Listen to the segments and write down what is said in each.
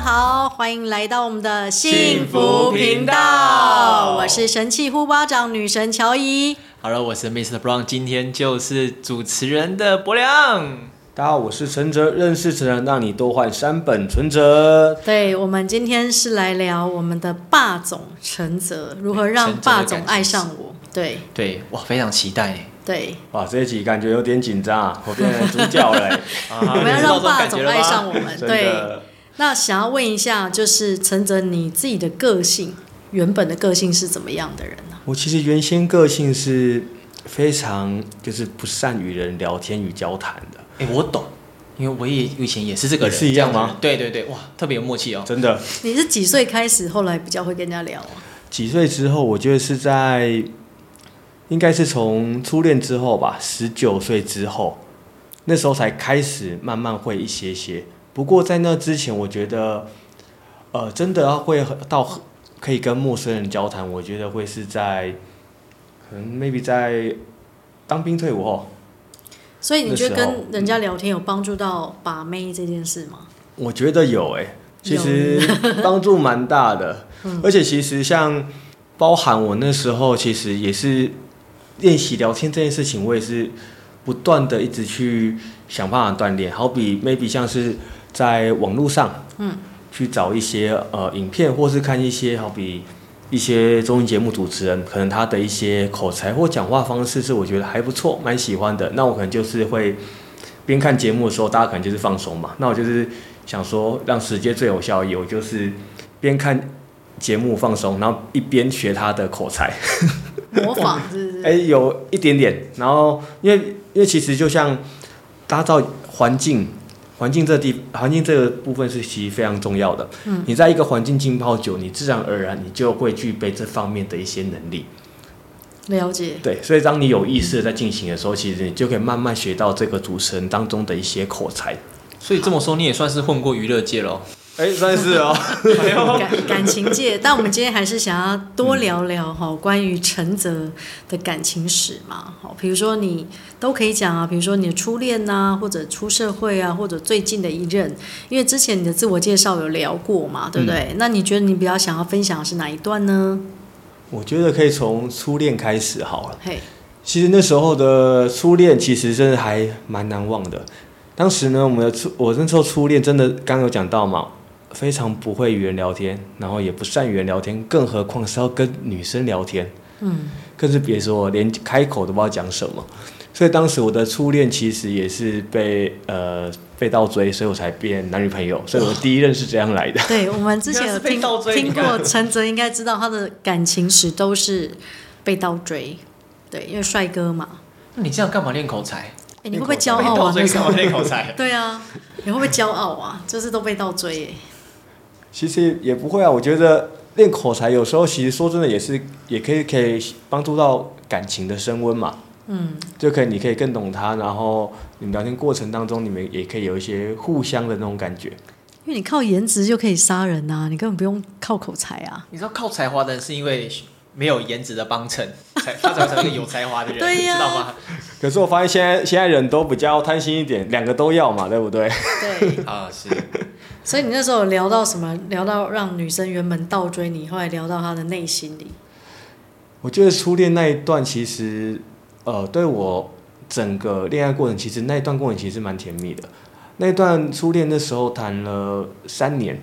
大家好，歡迎來到我們的幸福頻道。頻道，我是神器呼巴掌女神喬伊。Hello，我是 Mr. Brown，今天就是主持人的博良。大家好，我是承哲，認識承哲讓你多換三本存折。對，我們今天是來聊我們的霸總承哲如何讓霸總愛上我。對對、對，哇，非常期待。對，哇，這一集感覺有點緊張啊，我變成主角了、 啊。我們要讓霸總愛上我們， 對。那想要問一下，就是承哲你自己的個性，原本的個性是怎麼樣的人呢、啊？我其實原先個性是非常，就是不善與人聊天與交談的。誒、欸，我懂，因為我也以前也是這個人。是一樣嗎樣？對對對，哇，特別有默契哦，真的。你是幾歲開始，後來比較會跟人家聊啊？幾歲之後，我覺得是在，應該是從初戀之後吧，十九歲之後，那時候才開始慢慢會一些些。不過在那之前，我覺得，呃，真的要會到可以跟陌生人交談，我覺得會是在，可能 maybe 在當兵退伍後。所以你覺得跟人家聊天有幫助到把妹這件事嗎？我覺得有誒、欸，其實幫助蠻大的。 嗯、而且其實像包含我那時候，其實也是練習聊天這件事情，我也是不斷的一直去想辦法鍛鍊。好比 maybe 像是。在網絡上，去找一些呃影片，或是看一些好比一些綜藝節目主持人，可能他的一些口才或講話方式是我覺得還不錯，蠻喜歡的。那我可能就是會邊看節目的時候，大家可能就是放鬆嘛。那我就是想說，讓時間最有效益，我就是邊看節目放鬆，然後一邊學他的口才，模仿是不是？哎、 欸，有一點點。然後因為因為其實就像搭造環境。環境這地，環境這個部分是其實非常重要的。嗯，你在一個環境浸泡久，你自然而然你就會具備這方面的一些能力。了解。對，所以當你有意識的在進行的時候，嗯，其實你就可以慢慢學到這個主持人當中的一些口才。嗯，所以這麼說，你也算是混過娛樂界嘍？哎、欸，算是哦。 感感情界， 但我們今天還是想要多聊聊哈，關於承哲的感情史嘛。好，比如說你都可以講啊，比如說你的初戀吶、啊，或者出社會啊，或者最近的一任，因為之前你的自我介紹有聊過嘛，對不對、嗯？那你覺得你比較想要分享的是哪一段呢？我覺得可以從初戀開始好了。嘿，其實那時候的初戀，其實真的還蠻難忘的。當時呢，我們的初，我那時候初戀真的剛有講到嘛。非常不會與人聊天，然後也不善與人聊天，更何況是要跟女生聊天。嗯，更是別說，連開口都不知道講什麼。所以當時我的初戀其實也是被呃被倒追，所以我才變男女朋友。所以我第一任是這樣來的。對，我們之前有聽追聽過承哲應該知道他的感情史都是被倒追。對，因為帥哥嘛。你這樣幹嘛練口才？哎、欸，你會不會驕傲啊？幹嘛練口才？對啊，你會不會驕傲啊？就是都被倒追、欸。其實也不會啊，我覺得練口才有時候其實說真的也是也可以可以幫助到感情的升溫嘛。嗯，就可以你可以更懂他，然後你們聊天過程當中你們也可以有一些互相的那種感覺。因為你靠顏值就可以殺人啊，你根本不用靠口才啊。你知道靠才華的人是因為沒有顏值的幫襯才發展成一個有才華的人 對、啊，你知道嗎？可是我發現現在現在人都比較貪心一點，兩個都要嘛，對不對？對 啊，是。所以你那時候有聊到什麼？聊到讓女生原本倒追你，後來聊到她的內心裡。我覺得初戀那一段其實，呃，對我整個戀愛過程，其實那一段過程其實蠻甜蜜的。那段初戀那時候談了三年，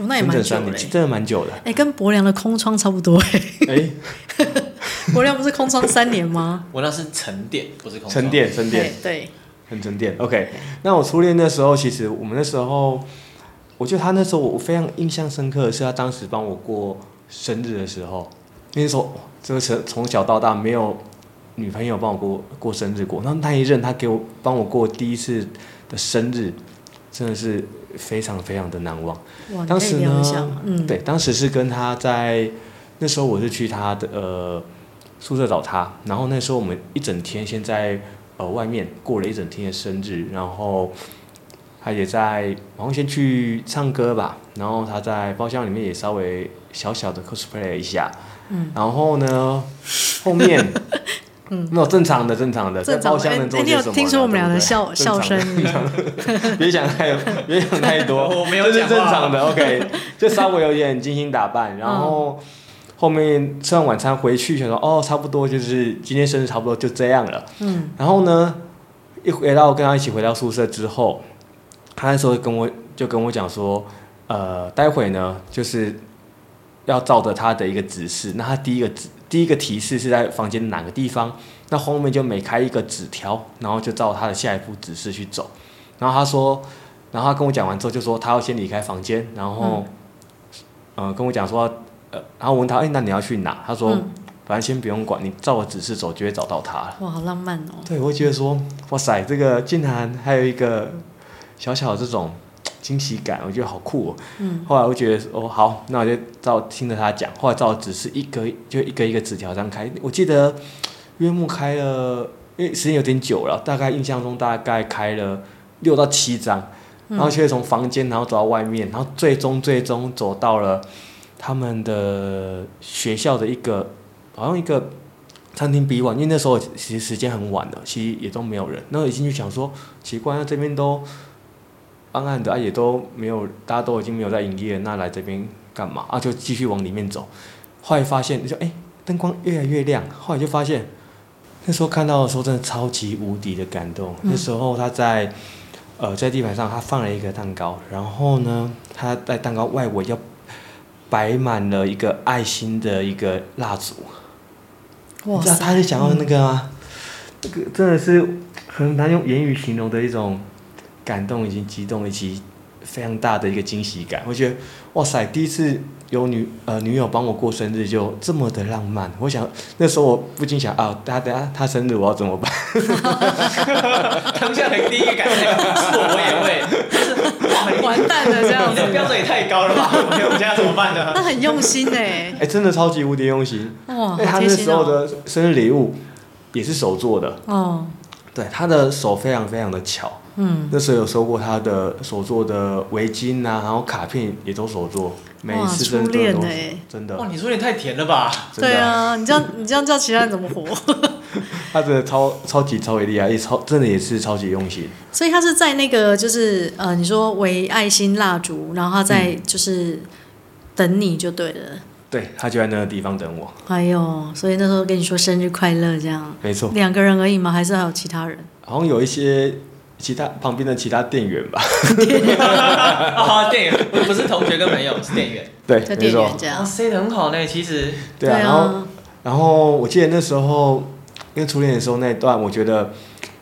哦、那也蠻久，久的，真的蠻久的。哎，跟伯良的空窗差不多哎。哎、欸， 伯良不是空窗三年嗎？ 我那是沉澱，不是空窗沉澱沉澱、hey, 對。很沉澱，OK。那我初戀那時候，其實我們那時候，我覺得他那時候我非常印象深刻的是，他當時幫我過生日的時候，那時候這個從從小到大沒有女朋友幫我過過生日過，那那一任他給我幫我過第一次的生日，真的是非常非常的難忘。當時呢，嗯，對，當時是跟他在那時候我是去他的呃宿舍找他，然後那時候我們一整天現在。外面過了一整天的生日，然後他也在，然後先去唱歌吧。然後他在包廂裡面也稍微小小的 cosplay 一下。嗯。然後呢，後面，嗯，正常的，正常的，在包廂能聽見什麼？聽說我們倆的笑對對笑聲。別想太，別想太多。我沒有。這、就是正常的，OK，就稍微有點精心打扮，然後。嗯後面吃完晚餐回去，想說哦，差不多就是今天生日，差不多就這樣了。嗯。然後呢，一回到我跟他一起回到宿舍之後，他那時候跟我就跟我講說，呃，待會呢就是，要照着他的一個指示。那他第一個指第一個提示是在房間哪個地方？那後面就每開一個紙條，然後就照他的下一步指示去走。然後他說，然後他跟我講完之後就說，他要先離開房間，然後，嗯，呃，跟我講說。呃，然後我問他，哎，那你要去哪？他說，反、嗯、正先不用管你，照我指示走，就會找到他了。哇，好浪漫哦！對，我會覺得說，哇塞，這個竟然還有一個小小的這種驚喜感，我覺得好酷哦。嗯，後來我覺得哦好，那我就照聽着他講。後來照我指示，一個就一個一個紙條張開。我記得約莫開了，因為時間有點久了，大概印象中大概開了六到七張，然後卻從房間，然後走到外面，然後最終最終走到了。他們的學校的一個好像一個餐廳閉館，因為那時候其實時間很晚了，其實也都沒有人。那我一進去就想說，奇怪，啊、這邊都暗暗的，啊，也都沒有，大家都已經沒有在營業，那來這邊幹嘛？啊，就繼續往裡面走，後來發現，你說，哎、欸，燈光越來越亮，後來就發現，那時候看到的時候真的超級無敵的感動，嗯。那時候他在呃在地板上，他放了一個蛋糕，然後呢，他在蛋糕外圍要。擺滿了一個愛心的一個蠟燭，你知道他是想要那個嗎？這、嗯，那個真的是很難用言語形容的一種感動以及激動以及非常大的一個驚喜感。我覺得，哇塞，第一次。有女呃女友幫我過生日，就這麼的浪漫，我想那時候我不禁想啊，他等下，等下她生日我要怎麼辦？ 他們現在第一個感受是 我也會， 完蛋了這樣子， 你的標準也太高了吧？ 我們現在要怎麼辦呢？他很用心誒、欸欸，真的超級無敵用心，哎、哦、他那時候的生日禮物也是手做的哦，嗯、對他的手非常非常的巧。嗯，那時候有收過他的手作的圍巾啊，然後卡片也都手作，每一次真的都，都初戀，欸、真的。哇，你初戀也太甜了吧？對啊，你這樣你這樣叫其他人怎麼活？他真的超超級超厲害啊，也超真的也是超級用心。所以他是在那個就是呃，你說為愛心蠟燭，然後他在就是等你就對了。嗯、對，他就在那個地方等我。哎呦，所以那時候跟你說生日快樂這樣，沒錯，兩個人而已嘛，還是還有其他人？好像有一些。其他旁邊的其他店員吧 電源，店員啊，不是同學跟朋友，是店員。對，沒錯。這樣啊，塞的很好呢、欸。其實對啊，對啊，然後然後我記得那時候因為初戀的時候那一段，我覺得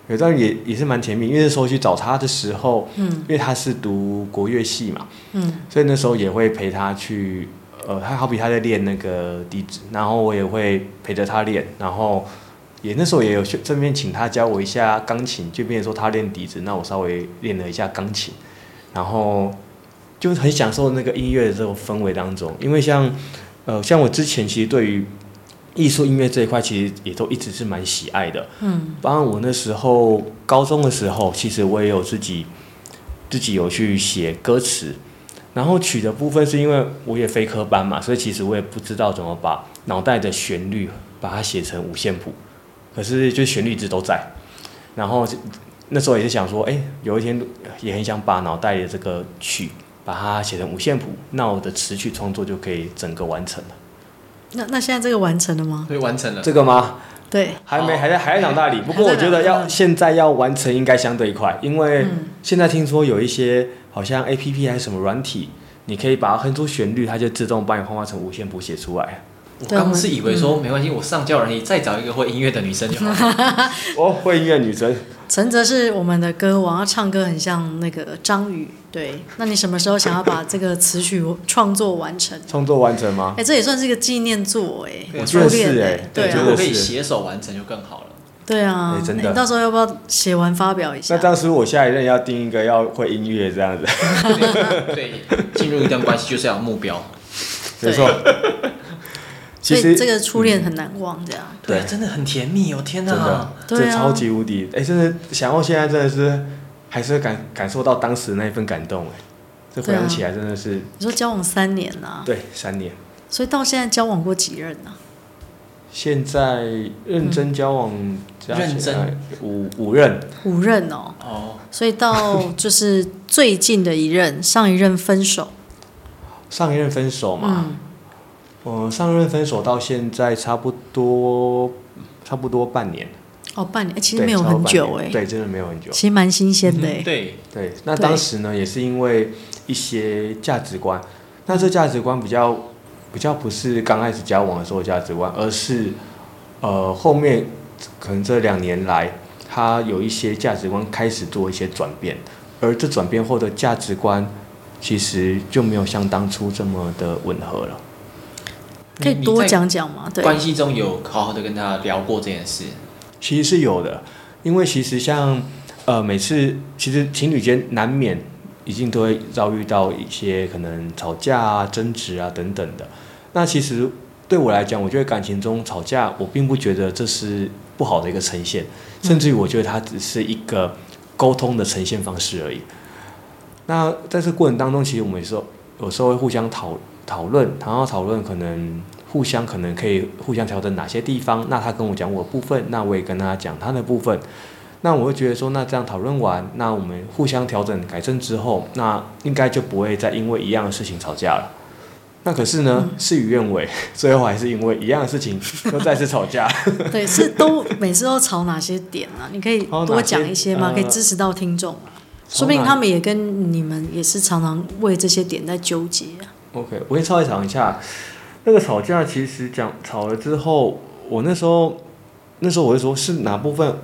有一段也也是蠻甜蜜，因為那時候去找他的時候，嗯，因為他是讀國樂系嘛，嗯，所以那時候也會陪他去，呃，他好比他在練那個笛子，然後我也會陪着他練，然後。也那時候也有順便請他教我一下鋼琴，就比如說他練笛子，那我稍微練了一下鋼琴，然後就很享受那個音樂的這種氛圍當中。因為像呃像我之前其實對於藝術音樂這一塊，其實也都一直是蠻喜愛的。嗯，包括我那時候高中的時候，其實我也有自己自己有去寫歌詞，然後曲的部分是因為我也非科班嘛，所以其實我也不知道怎麼把腦袋的旋律把它寫成五線譜。可是就旋律一直都在，然後那時候也是想說，哎、欸，有一天也很想把腦袋裡的這個曲，把它寫成五線譜，那我的詞曲創作就可以整個完成了。那那現在這個完成了嗎？對，完成了這個嗎？對，還沒，還，沒還在還在腦袋裡。不過我覺得要現在要完成應該相對快，因為現在聽說有一些好像 A P P 還是什麼軟體、嗯，你可以把它哼出旋律，它就自動幫你轉化成五線譜寫出來。我剛是以為說，沒關係，我上教人你再找一個會音樂的女生就好了。我、 哦、會音樂女生，承哲是我們的歌王，我要唱歌很像那個張宇。對，那你什麼時候想要把這個詞曲創作完成？創作完成嗎？哎、欸，這也算是一個紀念作哎、欸，初戀哎，對啊，我可以攜手完成就更好了。對啊，你、欸欸、到時候要不要寫完發表一下？那到時我下一任要定一個要會音樂這樣子。對，進入一段關係就是要有目標。沒錯。所以這個初戀很難忘，這樣對，對，真的很甜蜜哦！天哪、啊，真的，這超級無敵哎、啊欸！真的，想到現在真的是還是感感受到當時那一份感動哎！這回想起來真的是，你、啊、說交往三年吶、啊？對，三年。所以到現在交往過幾任呢、啊？現在認真交往，嗯、現在認真五五任五任哦哦。所以到就是最近的一任，上一任分手，上一任分手嘛。嗯呃，上任分手到現在差不多，差不多半年。哦，半年，其實沒有很久誒、欸欸，對，真的沒有很久。其實蠻新鮮的。對對,對,對，那當時呢，也是因為一些價值觀。那這價值觀比較，比較不是剛開始交往的時候的價值觀，而是呃後面可能這兩年來，他有一些價值觀開始做一些轉變，而這轉變後的價值觀，其實就沒有像當初這麼的吻合了。可以多講講嗎？對，關係中有好好的跟他聊過這件事，其實是有的。因為其實像呃，每次其實情侶間難免已經都會遭遇到一些可能吵架啊、爭執啊等等的。那其實對我來講，我覺得感情中吵架，我並不覺得這是不好的一個呈現，甚至於我覺得它只是一個溝通的呈現方式而已。那在這過程當中，其實我們有時候有時候會互相討論。討論，然後討論，可能互相可能可以互相調整哪些地方。那他跟我講我的部分，那我也跟他講他的部分。那我會覺得說，那這樣討論完，那我們互相調整改正之後，那應該就不會再因為一樣的事情吵架了。那可是呢，事與願違，最後還是因為一樣的事情都再次吵架。 對，是都每次都吵哪些點呢？啊？你可以多講一些嗎？可以支持到聽眾，呃，說不定他們也跟你們也是常常為這些點在糾結啊。OK，我先稍微想一下，那個吵架其實講吵了之後，我那時候，那時候我就說是哪部分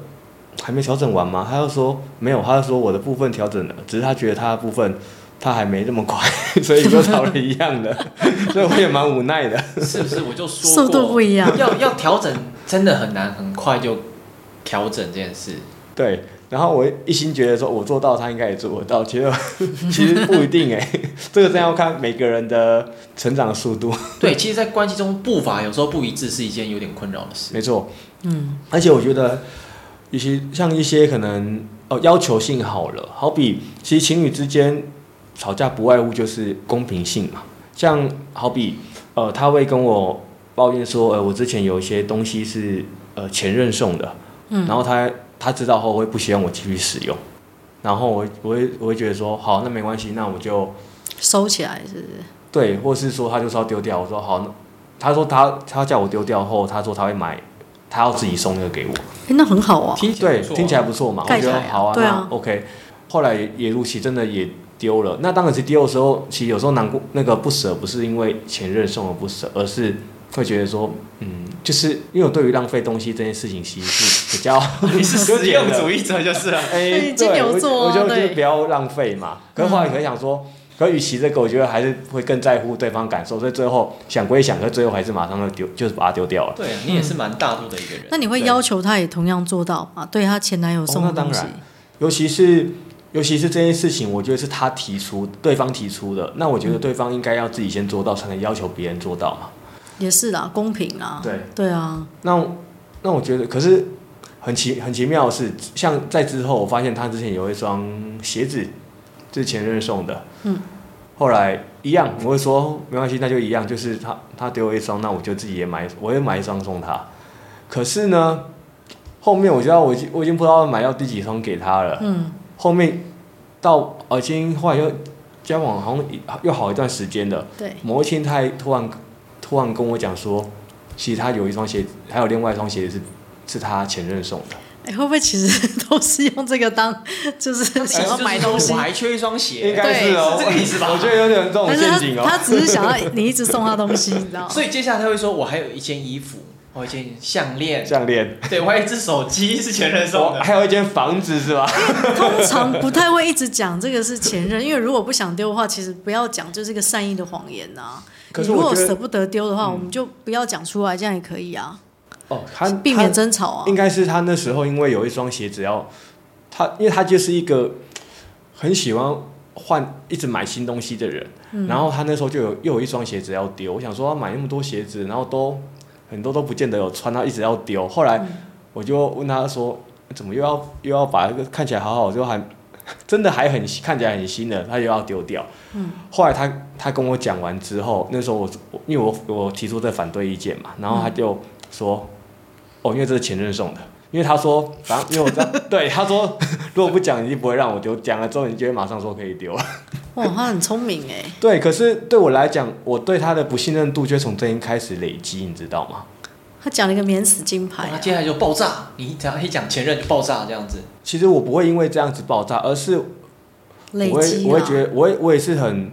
還沒調整完嗎？他就說沒有，他就說我的部分調整了，只是他覺得他的部分他還沒那麼快，所以就吵了一樣的， 所以我也蠻無奈的，是不是？我就說速度不一樣，要要調整真的很難，很快就調整這件事，對。然後我一心覺得說，我做到，他應該也做得到。其實，其實不一定哎、欸， 這個真要看每個人的成長的速度。對，其實，在關係中，步伐有時候不一致是一件有點困擾的事。沒錯，嗯。而且我覺得，一些像一些可能，哦、呃，要求性好了，好比其實情侶之間吵架不外乎就是公平性嘛。像好比，呃，他會跟我抱怨說，呃，我之前有一些東西是呃前任送的，然後他。嗯他知道後會不希望我繼續使用，然後我我我會覺得說好，那沒關係，那我就收起來，是不是？對，或是說他就說要丟掉，我說好。他說他他叫我丟掉後，他說他會買，他要自己送那個給我。哎，那很好啊，聽對聽起來啊，聽起來不錯嘛，我覺得啊好啊，對啊，OK。後來也如其真的也丟了，那當時丟的時候，其實有時候難過，那個不捨不是因為前任送的不捨，而是。會覺得說，嗯，就是因為我對於浪費東西這件事情其實是比較你 是實用主義者就是了，哎、 欸，金牛座，我我覺得就不要浪費嘛。嗯、可話你可想說，可與其這個，我覺得還是會更在乎對方感受，所以最後想歸想，可最後還是馬上就丟，就是把它丟掉了。對，你也是蠻大度的一個人、嗯。那你會要求他也同樣做到嗎？對他前男友送的東西、哦、那當然，尤其是尤其是這件事情，我覺得是他提出，對方提出的，那我覺得對方應該要自己先做到，才能要求別人做到嘛。也是啦，公平啊。對對啊。那那我覺得，可是很奇很奇妙的是，像在之後，我發現他之前有一雙鞋子，這是前任送的。嗯。後來一樣，我會說沒關係，那就一樣，就是他他給我一雙，那我就自己也買，我也買一雙送他。可是呢，後面我知道我已經我已經不知道要買到第幾雙給他了。嗯。後面到而且後來又交往好像又好一段時間了。對。某一天，他突然。突然跟我講說，其實他有一雙鞋，還有另外一雙鞋是是他前任送的。哎、欸，會不會其實都是用這個當，就是想要買東西？欸就是、我還缺一雙鞋、欸，應該是哦、喔，是這個意思吧？我覺得有點這種陷阱哦。但是他只是想要你一直送他東西， 你知道？所以接下來他會說，我還有一件衣服。我一件項鏈項鏈，對，我有一隻手機是前任送的，還有一間房子是吧？ 通常不太會一直講這個是前任，因為如果不想丟的話，其實不要講，就是一個善意的謊言啊。可是我如果捨不得丟的話、嗯，我們就不要講出來，這樣也可以啊。哦，他他避免爭吵啊。應該是他那時候，因為有一雙鞋子要，他，因為他就是一個很喜歡換、一直買新東西的人，嗯、然後他那時候就有又有一雙鞋子要丟，我想說，他買那麼多鞋子，然後都。很多都不見得有穿，他一直要丟。後來我就問他說：“怎麼又要又要把這個看起來好好，我就還真的還很新看起來很新的，他又要丟掉。嗯”後來他他跟我講完之後，那時候我，我因為我我提出這反對意見嘛，然後他就說、嗯：“哦，因為這是前任送的，因為他說反正因為我這 對他說，如果不講你就不會讓我丟，講了之後你就會馬上說可以丟。”了。哇，他很聰明哎。對，可是對我來講，我對他的不信任度，就從這一開始累積，你知道嗎？他講了一個免死金牌、啊，他接下來就爆炸。你只要一講前任就爆炸這樣子。其實我不會因為這樣子爆炸，而是我累積、啊，我我也覺得我，我我也是很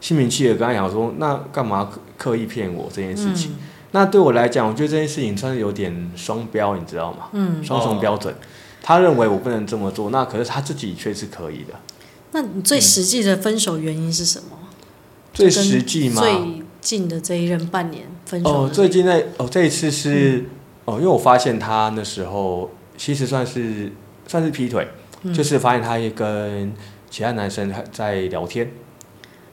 心平氣和跟他講說，那幹嘛刻意騙我這件事情、嗯？那對我來講，我覺得這件事情算是有點雙標，你知道嗎？嗯，雙重標準、哦。他認為我不能這麼做，那可是他自己卻是可以的。那你最實際的分手原因是什麼？嗯、最實際嘛？最近的這一任半年分手。哦，最近那，哦，這一次是、嗯、哦，因為我發現他那時候其實算是算是劈腿、嗯，就是發現他也跟其他男生在聊天。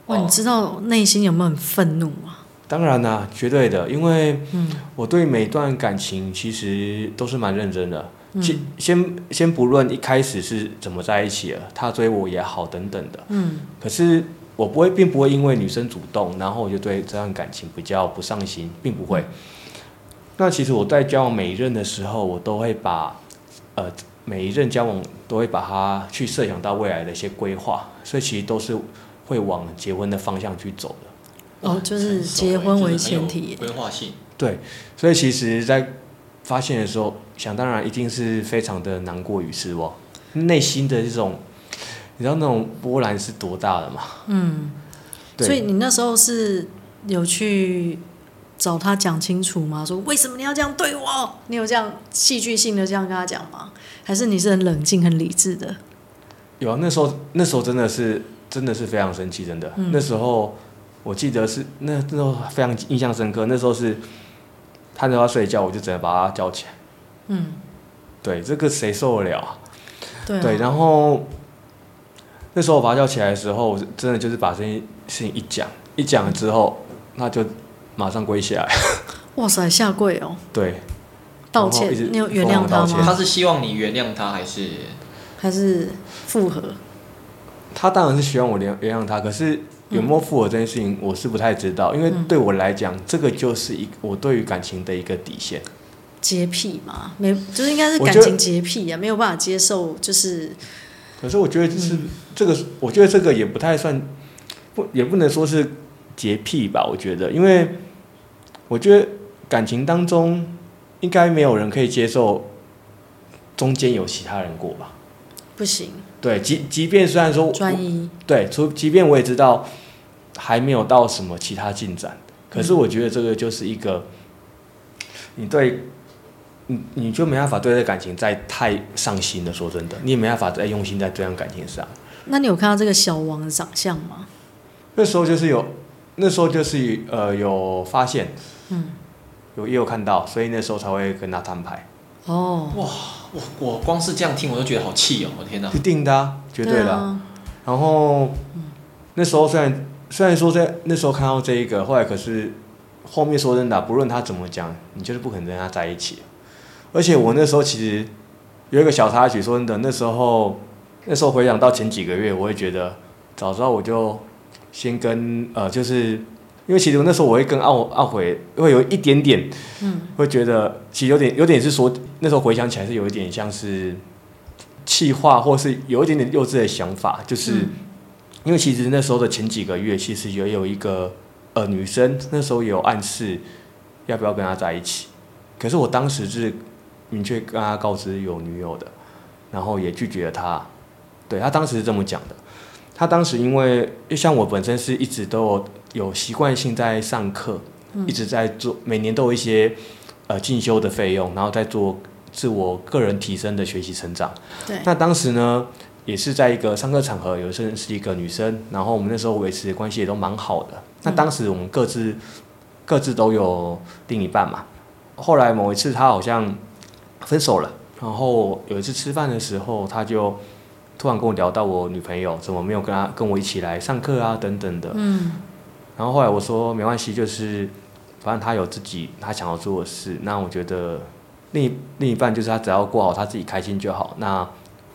哇，你知道內心有沒有很憤怒嗎？哦、當然啦、啊，絕對的，因為我對每段感情其實都是蠻認真的。嗯、先先不論一開始是怎麼在一起了，他追我也好等等的，嗯，可是我不會，並不會因為女生主動，然後我就對這段感情比較不上心，並不會、嗯。那其實我在交往每一任的時候，我都會把呃每一任交往都會把他去設想到未來的一些規劃，所以其實都是會往結婚的方向去走的。哦，就是結婚為前提，就是很有規劃性。對，所以其實，在發現的時候，想當然一定是非常的難過與失望，內心的這種，你知道那種波瀾是多大的嘛？嗯，所以你那時候是有去找他講清楚嗎？說為什麼你要這樣對我？你有這樣戲劇性的這樣跟他講嗎？還是你是很冷靜、很理智的？有啊，那時候那時候真的是真的是非常生氣，真的，嗯。那時候我記得是那，那時候非常印象深刻，那時候是。他就要睡覺，我就直接把他叫起來。嗯，對，這個誰受得了啊？對,啊對，然後那時候我把他叫起來的時候，我真的就是把這件事情一講，一講了之後，那就馬上跪下來。嗯、 哇塞，下跪哦。對，道歉，你要原諒他嗎？他是希望你原諒他，還是還是復合？他當然是希望我原諒他，可是。有沒有復合這件事情，我是不太知道，因為對我來講，嗯、這個就是一我對於感情的一個底線。潔癖嘛，沒就是應該是感情潔癖啊，沒有辦法接受就是。可是我覺得就是、嗯、這個，我覺得這個也不太算，嗯、不也不能說是潔癖吧。我覺得，因為我覺得感情當中應該沒有人可以接受中間有其他人過吧。不行。對，即即便雖然說專一，對，除即便我也知道還沒有到什麼其他進展，可是我覺得這個就是一個，嗯、你對，你你就沒辦法對這感情再太上心了，說真的，你也沒辦法再用心在這樣感情上。那你有看到這個小王的長相嗎？那時候就是有，那時候就是呃有發現，嗯，有也有看到，所以那時候才會跟他攤牌。哦、oh，哇，我我光是這樣聽我都覺得好氣哦！我天哪，啊，一定的，啊，絕對的，啊對，啊。然後、嗯、那時候雖然雖然說在那時候看到這一個，後來可是後面說真的，啊，不論他怎麼講，你就是不可能跟他在一起。而且我那時候其實有一個小插曲，說真的，那時候那時候回想到前幾個月，我會覺得早知道我就先跟呃就是。因為其實那時候我會跟懊懊悔，會有一點點，嗯，會覺得其實有點有點是說，那時候回想起來是有一點像是氣話，或是有一點點幼稚的想法，就是、嗯、因為其實那時候的前幾個月，其實也有一個呃女生，那時候也有暗示要不要跟他在一起，可是我當時是明確跟他告知有女友的，然後也拒絕了他，對他當時是這麼講的，他當時因為像我本身是一直都有。有習慣性在上課，嗯，一直在做，每年都有一些，呃進修的費用，然後在做自我個人提升的學習成長。對。那當時呢，也是在一個上課場合，有一次是一個女生，然後我們那時候維持關係也都蠻好的，嗯。那當時我們各自各自都有另一半嘛。後來某一次他好像分手了，然後有一次吃飯的時候，他就突然跟我聊到我女朋友怎麼沒有跟他跟我一起來上課啊等等的。嗯。然後後來我說沒關係，就是，反正他有自己他想要做的事，那我覺得另一，另另一半就是他只要過好他自己開心就好。那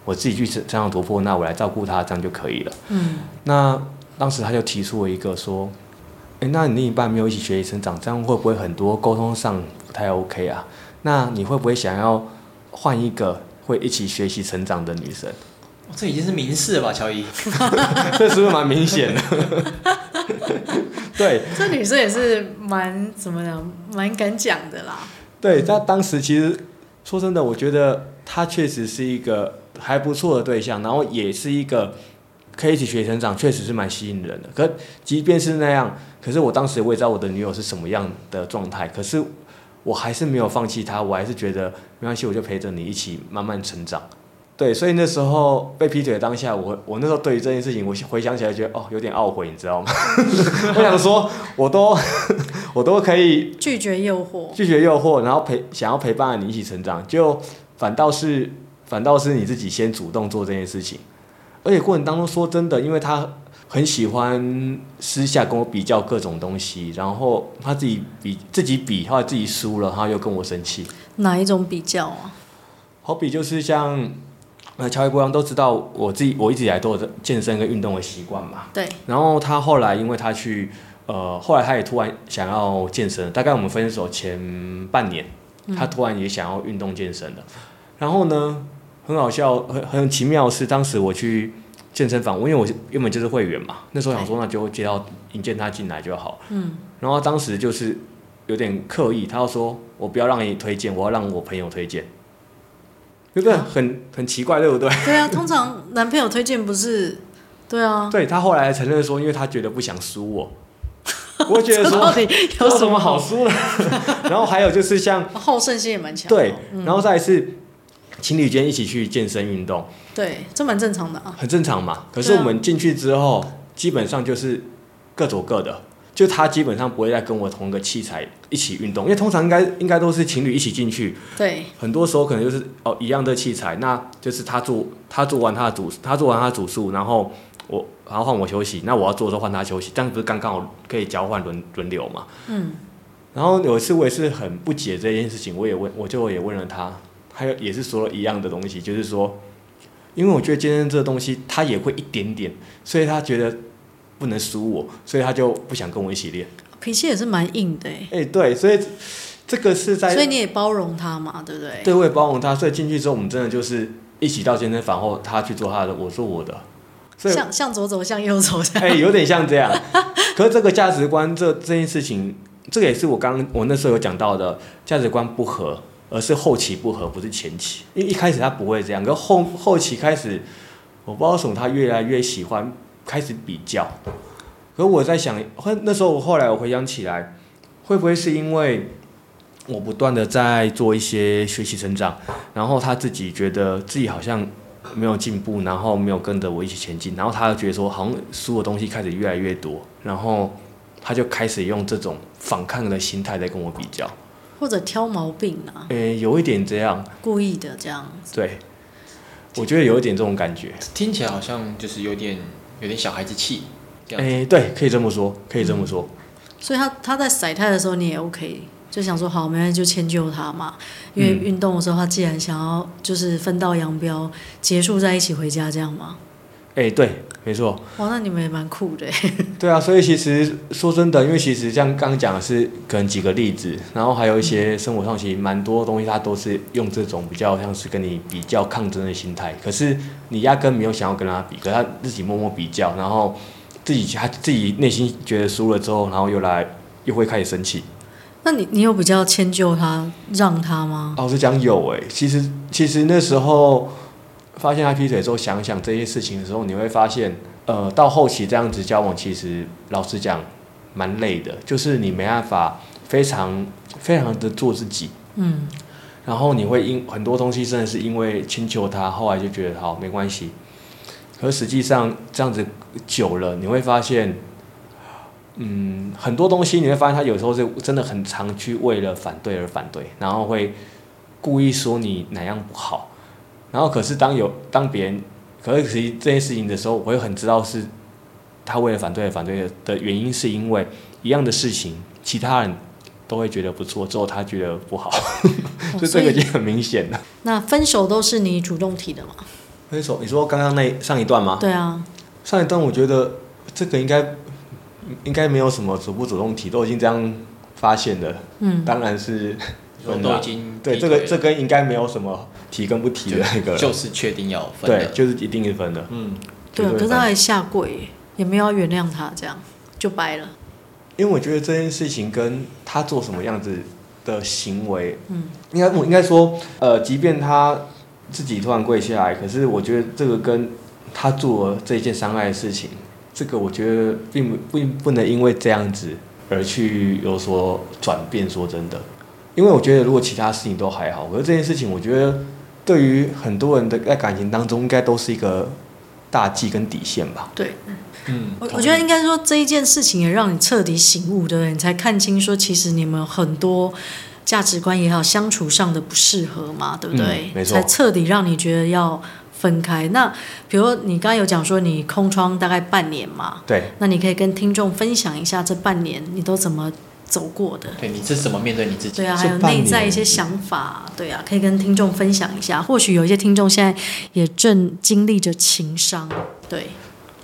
我自己去成長突破，那我來照顧他，這樣就可以了。嗯。那當時他就提出了一個說誒，那你另一半沒有一起學習成長，這樣會不會很多溝通上不太 OK 啊？那你會不會想要換一個會一起學習成長的女生？這已經是明示了吧，喬伊？ 這是不是蠻明顯的？ 對，這女生也是蠻怎麼講，蠻敢講的啦。對，她當時其實說真的，我覺得她確實是一個還不錯的對象，然後也是一個可以一起學成長，確實是蠻吸引人的。可即便是那樣，可是我當時我也知道我的女友是什麼樣的狀態，可是我還是沒有放棄她，我還是覺得沒關係，我就陪着你一起慢慢成長。對，所以那時候被劈腿的當下，我我那時候對於這件事情，我回想起來就覺得哦，有點懊悔，你知道嗎？ 我想說，我都我都可以拒絕誘惑，拒絕誘惑，然後陪想要陪伴你一起成長，就反倒是反倒是你自己先主動做這件事情，而且過程當中說真的，因為他很喜歡私下跟我比較各種東西，然後他自己比自己比，後來自己輸了，他又跟我生氣。哪一種比較啊？好比就是像。那喬伊布朗都知道我自己，我一直以來都有健身跟運動的習慣嘛。對。然後他後來，因為他去，呃，後來他也突然想要健身。大概我們分手前半年，嗯、他突然也想要運動健身的。然後呢，很好笑，很很奇妙的是，當時我去健身房，我因為我是原本就是會員嘛，那時候想說，那就接到引薦他進來就好。嗯。然後當時就是有點刻意，他要說，我不要讓你推薦，我要讓我朋友推薦。對，很很奇怪，對不對？對啊，通常男朋友推薦不是，對啊。 對，他後來承認說，因為他覺得不想輸我，我覺得說有什 麼好輸的。 然後還有就是像，好勝心也蠻強。哦。對，然後再是情侶間一起去健身運動，對，這蠻正常的啊，很正常嘛。可是我們進去之後，啊，基本上就是各走各的。就他基本上不會再跟我同一個器材一起運動，因為通常應該應該都是情侶一起進去。對，很多時候可能就是哦一樣的器材，那就是他做他做完他的組，他做完他的組數，然後我然後換我休息，那我要做的時候換他休息，這樣不是剛剛好可以交換輪輪流嘛？嗯。然後有一次我也是很不解這件事情，我也問我就也問了他，他也是說了一樣的東西，就是說，因為我覺得健身這東西他也會一點點，所以他覺得。不能輸我，所以他就不想跟我一起練。脾氣也是蠻硬的。哎，對，所以這個是在，所以你也包容他嘛，對不對？對，我也包容他。所以進去之後，我們真的就是一起到健身房後，他去做他的，我做我的。所以向向左走，向右走。哎，有點像這樣。可是這個價值觀，這這件事情，這個也是我剛我那時候有講到的，價值觀不合，而是後期不合，不是前期。因為一開始他不會這樣，可是後後期開始，我不知道為什麼他越來越喜歡開始比較，可我在想，呵，那時候我後來我回想起來，會不會是因為我不斷的在做一些學習成長，然後他自己覺得自己好像沒有進步，然後沒有跟着我一起前進，然後他就覺得說，好像輸的東西開始越來越多，然後他就開始用這種反抗的心態在跟我比較，或者挑毛病啊，欸、有一點這樣，故意的這樣子，對，我覺得有一點這種感覺，聽起來好像就是有點。有點小孩子氣，哎、欸，對，可以這麼說，可以這麼說。嗯、所以他他在甩態的時候你也 OK，就想說好，沒人就遷就他嘛。因為運動的時候他既然想要，就是分道揚鑣，結束再一起回家這樣嗎？哎，對，沒錯。哇，那你們也蠻酷的。對啊，所以其實說真的，因為其實像剛剛講的是，可能幾個例子，然後還有一些生活上，其實蠻多東西，他、嗯、都是用這種比較像是跟你比較抗爭的心態。可是你壓根沒有想要跟他比，可是他自己默默比較，然後自己他自己內心覺得輸了之後，然後又來又會開始生氣。那你你有比較遷就他讓他嗎？老、哦、實講，有誒，其實其實那時候。嗯發現他劈腿之後，想想這些事情的時候，你會發現，呃，到後期這樣子交往，其實老實講，蠻累的。就是你沒辦法非常、非常的做自己，嗯。然後你會因很多東西，真的是因為遷就他，後來就覺得好沒關係。可實際上這樣子久了，你會發現，嗯，很多東西你會發現他有時候是真的很常去為了反對而反對，然後會故意說你哪樣不好。然後可是當有當別人，可是其實這件事情的時候，我又很知道是，他為了反對反對的原因，是因為一樣的事情，其他人都會覺得不錯，之後他覺得不好， 哦、所以就這個已經很明顯了。那分手都是你主動提的嗎？分手，你說剛剛那上一段嗎？對啊。上一段我覺得這個應該應該沒有什麼主不主動提，都已經這樣發現了，嗯，當然是。我對這個，這跟、個，應該沒有什麼提跟不提的那個、嗯，就是確定要分的，對，就是一定是分的。嗯，對，可是他還下跪，也沒有要原諒他，這樣就掰了。因為我覺得這件事情跟他做什麼樣子的行為，嗯應，應該我應該說，呃，即便他自己突然跪下來，可是我覺得這個跟他做這一件傷害的事情，這個我覺得並不並不能因為這樣子而去有所轉變。說真的。因為我覺得，如果其他事情都還好，我覺得這件事情，我覺得對於很多人的在感情當中，應該都是一個大忌跟底線吧。對，嗯，我我覺得應該說這一件事情也讓你徹底醒悟，對不對？你才看清說其實你們很多價值觀也好，相處上的不適合嘛，對不對？嗯，沒錯。你才徹底讓你覺得要分開。那比如你剛剛有講說你空窗大概半年嘛，對。那你可以跟聽眾分享一下，這半年你都怎麼？走過的，對，你是怎麼面對你自己？對啊，還有內在一些想法，對啊，可以跟聽眾分享一下。或許有一些聽眾現在也正經歷着情傷，對。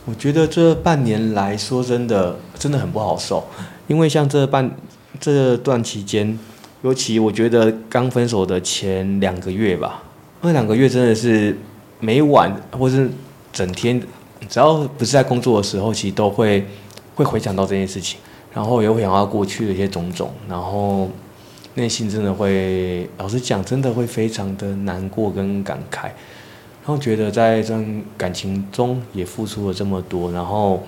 我覺得這半年來說，真的真的很不好受，因為像這半這段期間，尤其我覺得剛分手的前兩個月吧，那兩個月真的是每晚或是整天，只要不是在工作的時候，其實都會會回想到這件事情。然後也會想到過去的一些種種，然後內心真的會，老實講，真的會非常的難過跟感慨。然後覺得在這段感情中也付出了這麼多，然後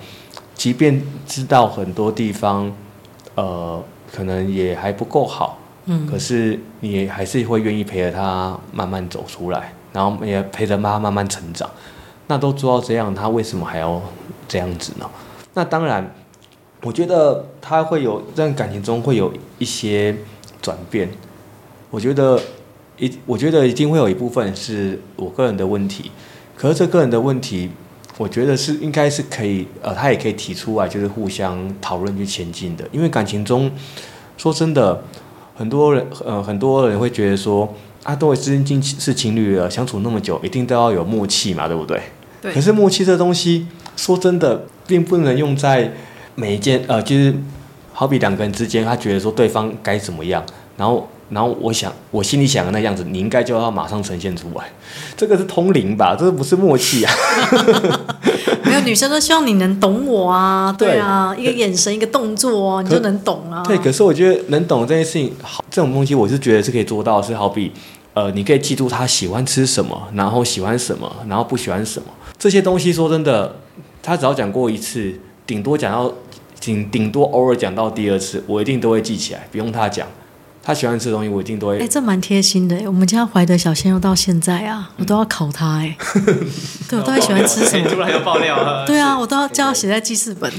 即便知道很多地方，呃，可能也還不夠好，嗯，可是你還是會願意陪着他慢慢走出來，然後也陪着他慢慢成長。那都做到這樣，他為什麼還要這樣子呢？那當然。我覺得他會有在感情中會有一些轉變。我覺得一我覺得一定會有一部分是我個人的問題，可是這個人的問題，我覺得是應該是可以呃，他也可以提出來，就是互相討論去前進的。因為感情中，說真的，很多人呃，很多人會覺得說啊，都已經是是情侶了，相處那麼久，一定都要有默契嘛，對不對？對。可是默契這東西，說真的，並不能用在。每一件，呃，就是好比兩個人之間，他覺得說對方該怎麼樣，然後，然後我想，我心裡想的那樣子，你應該就要馬上呈現出來。這個是通靈吧？這個不是默契啊 。 沒有，女生都希望你能懂我啊。對啊，對啊，一個眼神，一個動作哦，你就能懂啊。對，可是我覺得能懂這件事情，好，這種東西，我是覺得是可以做到是。是好比，呃，你可以記住他喜歡吃什麼，然後喜歡什麼，然後不喜歡什麼。這些東西說真的，他只要講過一次，頂多講到。頂頂多偶爾講到第二次，我一定都會記起來，不用他講，他喜歡吃的東西，我一定都會。哎、欸，這蠻貼心的。我們家懷德小鮮肉到現在啊，嗯、我都要考他哎。 對，我都要喜歡吃什麼、 欸。突然又爆料 對啊，我都要叫他寫在記事本。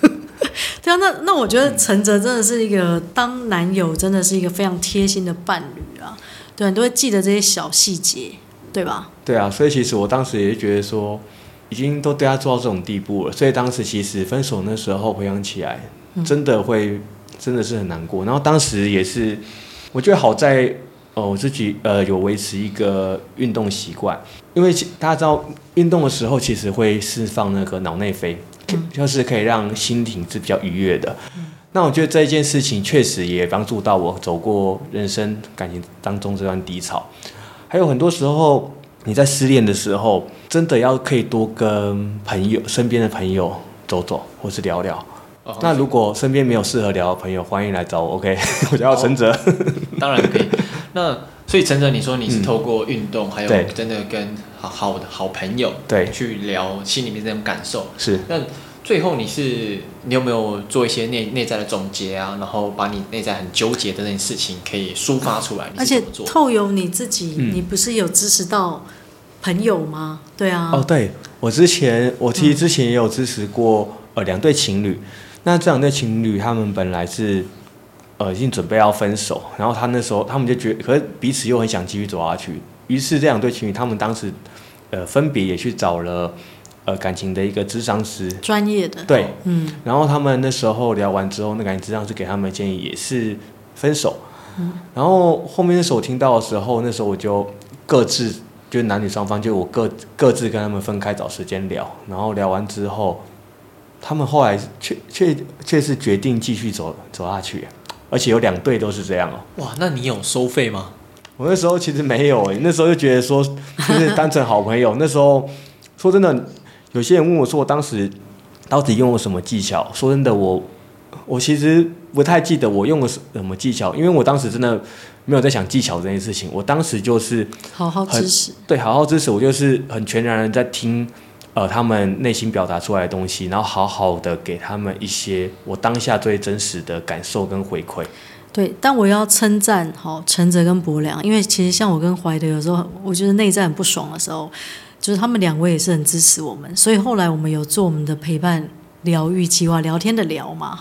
對啊，那那我覺得承哲真的是一個當男友真的是一個非常貼心的伴侶啊。對啊，你都會記得這些小細節，對吧？對啊，所以其實我當時也覺得說。已經都對他做到這種地步了，所以當時其實分手那時候回想起來，真的會、嗯、真的是很難過。然後當時也是，我覺得好在哦、呃，我自己呃有維持一個運動習慣，因為大家知道運動的時候其實會釋放那個腦內啡、嗯，就是可以讓心情是比較愉悅的。嗯、那我覺得這一件事情確實也幫助到我走過人生感情當中這段低潮，還有很多時候。你在失戀的時候，真的要可以多跟朋友、身邊的朋友走走，或是聊聊。Oh, okay. 那如果身邊沒有適合聊的朋友，歡迎來找我。OK， 我叫承哲、oh,。 當然可以。那所以承哲，你說你是透過運動、嗯，還有真的跟好好的好朋友對去聊心裡面這種感受是。那最後你是你有沒有做一些內內在的總結啊？然後把你內在很糾結的那件事情可以抒發出來？而且透由你自己、嗯，你不是有支持到？朋友嗎？對啊。哦，對我之前，我其實之前也有支持過、嗯、呃兩對情侶。那這兩對情侶，他們本來是呃已經準備要分手，然後他那時候他們就覺得，可是彼此又很想繼續走下去。於是這兩對情侶，他們當時呃分別也去找了呃感情的一個諮商師，專業的。對，嗯。然後他們那時候聊完之後，那感情諮商師給他們的建議也是分手。嗯、然後後面那時候我聽到的時候，那時候我就各自。就男女雙方，就我各各自跟他們分開找時間聊，然後聊完之後，他們後來卻卻卻是決定繼續走走下去，而且有兩對都是這樣哦。哇，那你有收費嗎？我那時候其實沒有，誒，那時候就覺得說就是當成好朋友。 那時候說真的，有些人問我說，我當時到底用了什麼技巧？說真的，我我其實不太記得我用了什麼技巧，因為我當時真的。沒有在想技巧這件事情，我當時就是好好支持，對，好好支持。我就是很全然的在聽，呃，他們內心表達出來的東西，然後好好的給他們一些我當下最真實的感受跟回饋。對，但我要稱讚哈，承哲跟柏良，因為其實像我跟懷德有時候，我覺得內在很不爽的時候，就是他們兩位也是很支持我們，所以後來我們有做我們的陪伴，聊癒計劃，聊天的聊嘛，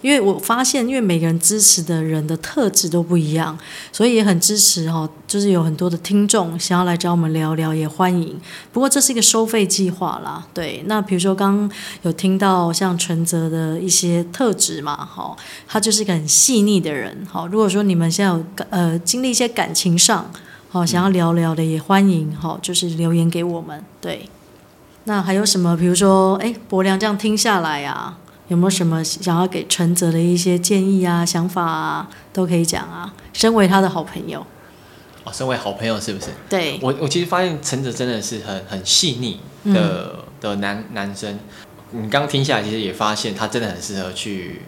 因為我發現，因為每個人支持的人的特質都不一樣，所以也很支持哈，就是有很多的聽眾想要來找我們聊聊，也歡迎。不過這是一個收費計劃啦，對。那比如說剛剛有聽到像承哲的一些特質嘛，哈，他就是一個很細膩的人，好，如果說你們現在有呃經歷一些感情上，好，想要聊聊的，也歡迎，好，就是留言給我們，對。那還有什麼？比如說，哎、欸，伯良這樣聽下來啊，有沒有什麼想要給承哲的一些建議啊、想法啊，都可以講啊。身為他的好朋友，哦，身為好朋友是不是？對，我我其實發現承哲真的是很很細膩的、嗯、的男男生。你剛聽下來，其實也發現他真的很適合去。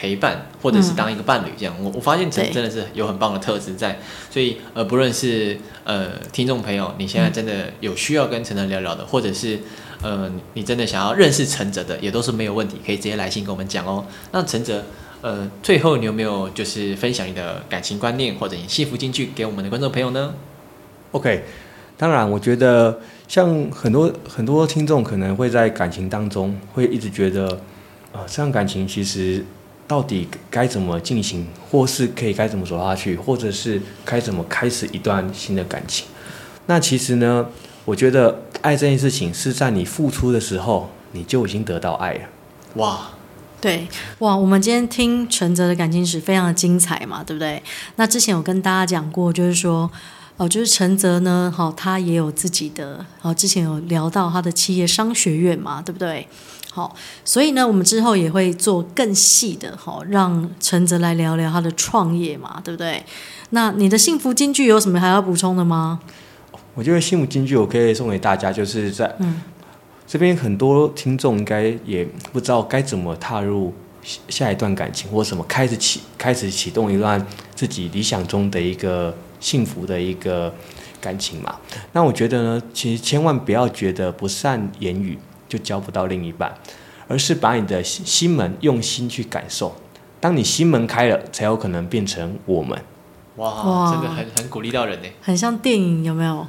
陪伴，或者是當一個伴侶、嗯、這樣，我我發現承真的是有很棒的特質在，所以呃，不論是呃聽眾朋友，你現在真的有需要跟承哲聊聊的，或者是呃你真的想要認識承哲的，也都是沒有問題，可以直接來信跟我們講哦。那承哲，呃，最後你有沒有就是分享你的感情觀念或者你幸福金句給我們的觀眾朋友呢？OK，當然，我覺得像很多很多聽眾可能會在感情當中會一直覺得啊，這、呃、樣感情其實。到底該怎麼進行，或是可以該怎麼走下去，或者是該怎麼開始一段新的感情？那其實呢，我覺得愛這件事情是在你付出的時候，你就已經得到愛了。哇，對哇，我們今天聽承哲的感情史非常的精彩嘛，對不對？那之前有跟大家講過，就是說哦、呃，就是承哲呢，好、哦，他也有自己的，哦，之前有聊到他的企業商學院嘛，對不對？好，所以呢，我們之後也會做更細的，好，讓承哲來聊聊他的創業嘛，對不對？那你的幸福金句有什麼還要補充的嗎？我覺得幸福金句我可以送給大家，就是在嗯，這邊很多聽眾應該也不知道該怎麼踏入下下一段感情或什麼，開始啟開始啟動一段自己理想中的一個幸福的一個感情嘛。那我覺得呢，其實千萬不要覺得不善言語。就交不到另一半，而是把你的心門用心去感受，當你心門開了，才有可能變成我們。哇，這個很很鼓勵到人呢，很像電影，有沒有？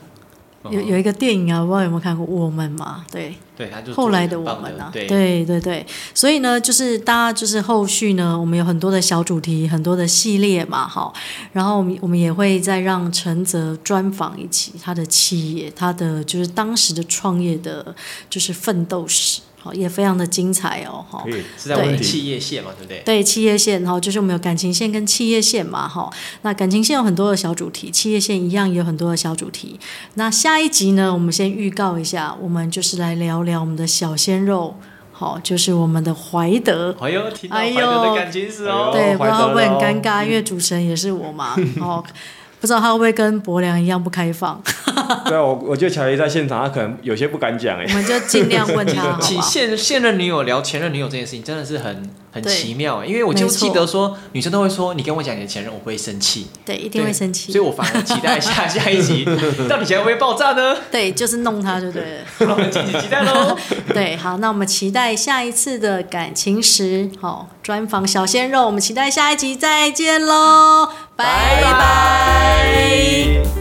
有有一個電影啊，不知道有沒有看過《我們》嘛對，對，他就，後來的我們啊，對，對對對，所以呢，就是大家就是後續呢，我們有很多的小主題，很多的系列嘛，好，然後我們我們也會再讓承哲專訪，一起他的企業，他的就是當時的創業的，就是奮鬥史。好，也非常的精彩哦，對、嗯，是在我們的企業線嘛，對不對？對，企業線哈，就是我們有感情線跟企業線嘛，那感情線有很多的小主題，企業線一樣也有很多的小主題。那下一集呢，我們先預告一下，我們就是來聊聊我們的小鮮肉，好，就是我們的懷德，哎呦，聽到懷德的感情史哦、哎，對，哦、不知道會不會很尷尬、嗯，因為主持人也是我嘛，好、 哦。不知道他會不會跟柏良一樣不開放 ？ 對啊，我我覺得喬伊在現場，他可能有些不敢講哎 我們就盡量問他好不好？請現 現任女友聊前任女友這件事情，真的是很。很奇妙，因為我記記得說，女生都會說，你跟我講你的前任，我不會生氣對，對，一定會生氣，所以我反而期待下 下一集，到底誰會爆炸呢？對，就是弄他就對了，我 期待嘍。 對，好，那我們期待下一次的感情時，好專訪小鮮肉，我們期待下一集，再見嘍，拜拜。